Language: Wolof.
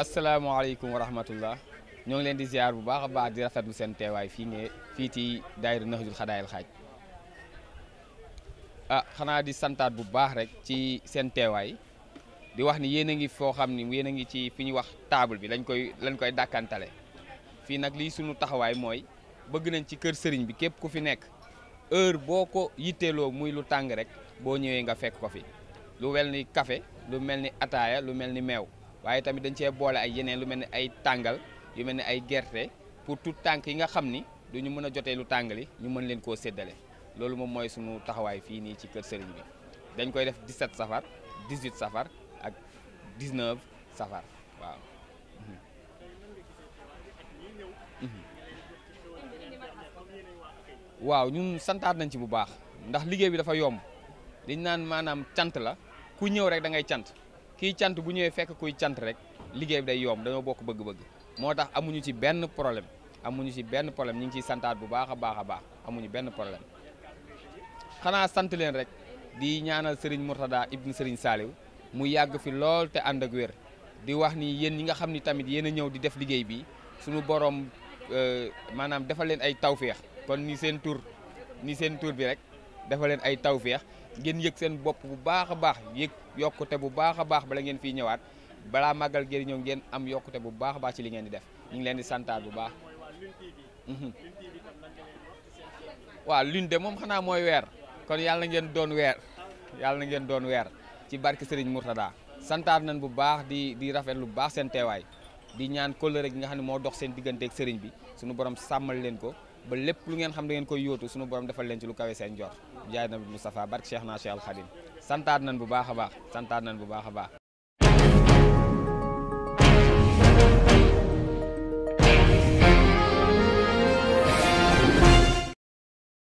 asalaamaaleykum wa rahmatullah ñoo ngi leen di ziar bu baax a baax di rafet rafetlu seen teewaay fii ngeen fii ci daayira Nahjul Xadaayil Xaaj a ah, xanaa di santaat bu baax rek ci seen teewaay di wax ni yéen a ngi foo xam ni yéen a ngi ci fi ñuy wax table bi lañ koy lañ koy dàkkantale fii nag lii sunu taxawaay mooy bëgg nañ ci kër sëriñ bi képp ku fi nekk heure boo ko yitteeloo muy lu tàng rek boo ñëwee nga fekk ko fi lu wel ni kafe lu mel ni ataaya lu mel ni meew waaye tamit dañ cee boole ay yeneen lu mel ni ay tàngal yu mel ni ay gerte pour tout tànk yi nga xam ni du ñu mën a jotee lu tàngali ñu mën leen koo séddale loolu moom mooy sunu taxawaay fii nii ci kër sëriñ bi dañ koy def 17 safar 18 safar ak 19 safar waaw. waaw ñun santaat nañ ci bu baax ndax liggéey bi dafa yomb liñ naan maanaam cant la ku ñëw rek dangay cant. kiy cant bu ñëwee fekk kuy cant rek liggéey bi day yomb dañoo bokk bëgg-bëgg moo tax amuñu ci benn problème amuñu ci benn problème ñu ngi ciy santaat bu baax a baax a baax amuñu benn problème xanaa sant leen rek di ñaanal Serigne Mourtada Ibn Serigne Saliou mu yàgg fi lool te ànd ak wér di wax nii yéen ñi nga xam ni tamit yéen a ñëw di def liggéey bi suñu borom euh, maanaam defal leen ay tawféex kon ni seen tur ni seen tur bi rek dafa leen ay tawféex ngeen yëg seen bopp bu baax a baax yëg yokkute bu baax a baax bala ngeen fii ñëwaat balaa màggal geen ñëw ngeen am yokkute bu baax a baax ci li ngeen di def ñu ngi leen di santaat bu baax. Mhm. waaw lune de moom xanaa mooy weer kon yàlla na ngeen doon weer yàlla na ngeen doon weer ci barke Serigne Mourtada santaat nañ bu baax di di rafet lu baax seen teewaay di ñaan rek gi nga xam ne moo dox seen digganteeg sëriñ bi suñu borom sàmmal leen ko. ba lépp lu ngeen xam da ngeen koy yóotu suñu borom defal leen ci lu kawe seen jor jaay na bi Moustapha barke Cheikh naa Cheikh Al santaat nañ bu baax a baax santaat nan bu baax a baax